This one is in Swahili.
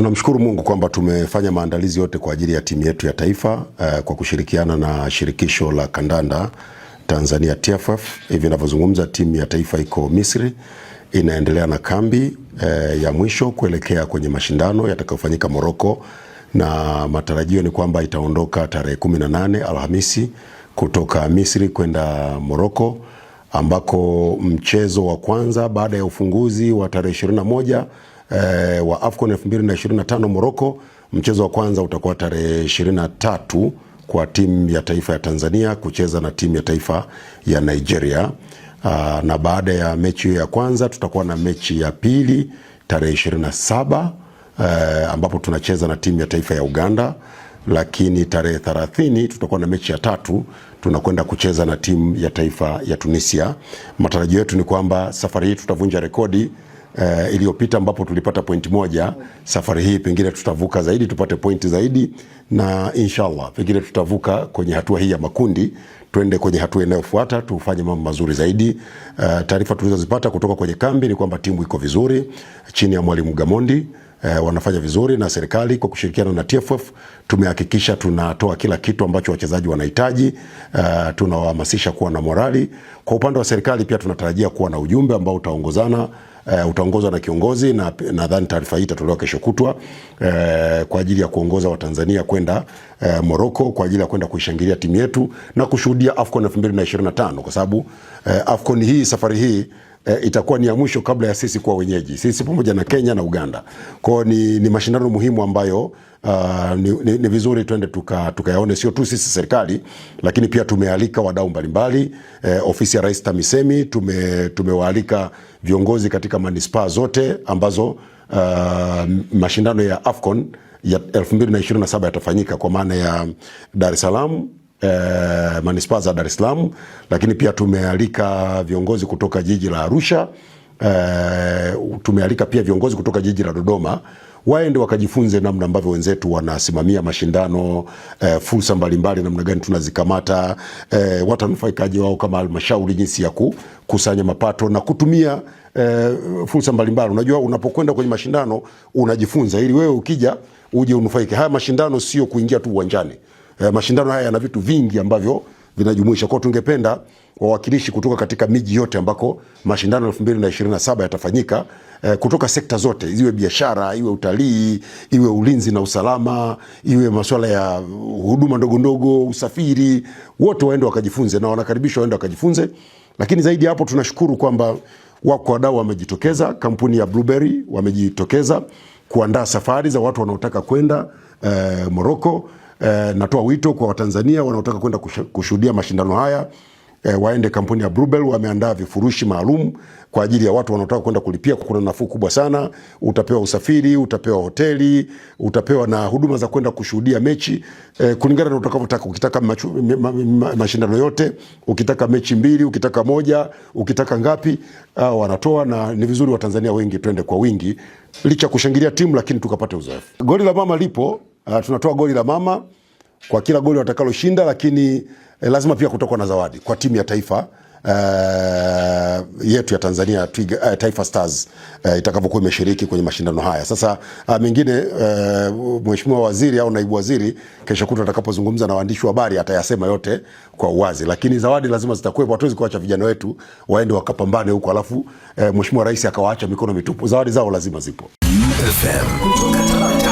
Tunamshukuru Mungu kwamba tumefanya maandalizi yote kwa ajili ya timu yetu ya taifa uh, kwa kushirikiana na shirikisho la kandanda Tanzania TFF. Hivi ninavyozungumza timu ya taifa iko Misri inaendelea na kambi uh, ya mwisho kuelekea kwenye mashindano yatakayofanyika Morocco, na matarajio ni kwamba itaondoka tarehe 18 Alhamisi kutoka Misri kwenda Morocco ambako mchezo wa kwanza baada ya ufunguzi wa tarehe 21 eh, wa AFCON 2025 Morocco. Mchezo wa kwanza utakuwa tarehe 23 kwa timu ya taifa ya Tanzania kucheza na timu ya taifa ya Nigeria. Aa, ah, na baada ya mechi hiyo ya kwanza tutakuwa na mechi ya pili tarehe 27 eh, ambapo tunacheza na timu ya taifa ya Uganda, lakini tarehe 30 tutakuwa na mechi ya tatu tunakwenda kucheza na timu ya taifa ya Tunisia. Matarajio yetu ni kwamba safari hii tutavunja rekodi uh, iliyopita ambapo tulipata point moja. Safari hii pengine tutavuka zaidi tupate pointi zaidi, na inshallah pengine tutavuka kwenye hatua hii ya makundi tuende kwenye hatua inayofuata tufanye mambo mazuri zaidi. Uh, taarifa tulizozipata kutoka kwenye kambi ni kwamba timu iko vizuri chini ya mwalimu Gamondi eh, wanafanya vizuri na serikali kwa kushirikiana na TFF tumehakikisha tunatoa kila kitu ambacho wachezaji wanahitaji. Eh, tunawahamasisha kuwa na morali. Kwa upande wa serikali pia tunatarajia kuwa na ujumbe ambao utaongozana eh, utaongozwa na kiongozi na nadhani taarifa hii itatolewa kesho kutwa eh, kwa ajili ya kuongoza Watanzania kwenda eh, Morocco kwa ajili ya kwenda kuishangilia timu yetu na kushuhudia AFCON 2025 kwa sababu eh, AFCON hii safari hii eh, itakuwa ni ya mwisho kabla ya sisi kuwa wenyeji, sisi pamoja na Kenya na Uganda. Kwao ni, ni mashindano muhimu ambayo Uh, ni, ni, ni vizuri twende tukayaone tuka sio tu sisi serikali, lakini pia tumealika wadau mbalimbali eh, ofisi ya Rais TAMISEMI tume, tumewaalika viongozi katika manispaa zote ambazo uh, mashindano ya AFCON ya 2027 yatafanyika kwa maana ya Dar es Salaam eh, manispaa za Dar es Salaam, lakini pia tumealika viongozi kutoka jiji la Arusha eh, tumealika pia viongozi kutoka jiji la Dodoma waende wakajifunze namna ambavyo wenzetu wanasimamia mashindano e, fursa mbalimbali namna gani tunazikamata, e, eh, watanufaikaji wao kama halmashauri, jinsi ya kukusanya mapato na kutumia e, fursa mbalimbali. Unajua, unapokwenda kwenye mashindano unajifunza, ili wewe ukija uje unufaike. Haya mashindano sio kuingia tu uwanjani eh, mashindano haya yana vitu vingi ambavyo vinajumuisha kwao. Tungependa wawakilishi kutoka katika miji yote ambako mashindano 2027 yatafanyika eh, kutoka sekta zote, iwe biashara, iwe utalii, iwe ulinzi na usalama, iwe masuala ya huduma ndogo ndogo, usafiri, wote waende wakajifunze, na wanakaribishwa waende wakajifunze. Lakini zaidi hapo, tunashukuru kwamba wako wadau wamejitokeza, kampuni ya Blueberry wamejitokeza kuandaa safari za watu wanaotaka kwenda eh, Morocco E, natoa wito kwa Watanzania wanaotaka kwenda kushuhudia mashindano haya e, waende kampuni ya Bluebell wameandaa vifurushi maalum kwa ajili ya watu wanaotaka kwenda kulipia. Kuna nafuu kubwa sana, utapewa usafiri, utapewa hoteli, utapewa na huduma za kwenda kushuhudia mechi e, kulingana na utakavyotaka. Ukitaka mashindano yote, ukitaka mechi mbili, ukitaka moja, ukitaka ngapi, wanatoa na ni vizuri Watanzania wengi twende kwa wingi, licha kushangilia timu, lakini tukapate uzoefu. Goli la mama lipo uh, tunatoa goli la mama kwa kila goli watakaloshinda, lakini eh, lazima pia kutokwa na zawadi kwa timu ya taifa uh, yetu ya Tanzania Twiga, uh, Taifa Stars uh, itakavyokuwa imeshiriki kwenye mashindano haya. Sasa uh, mengine uh, Mheshimiwa Waziri au Naibu Waziri kesho kutwa atakapozungumza na waandishi wa habari atayasema yote kwa uwazi, lakini zawadi lazima zitakuwepo. Hatuwezi kuacha vijana wetu waende wakapambane huko alafu uh, Mheshimiwa Rais akawaacha mikono mitupu. Zawadi zao lazima zipo FM.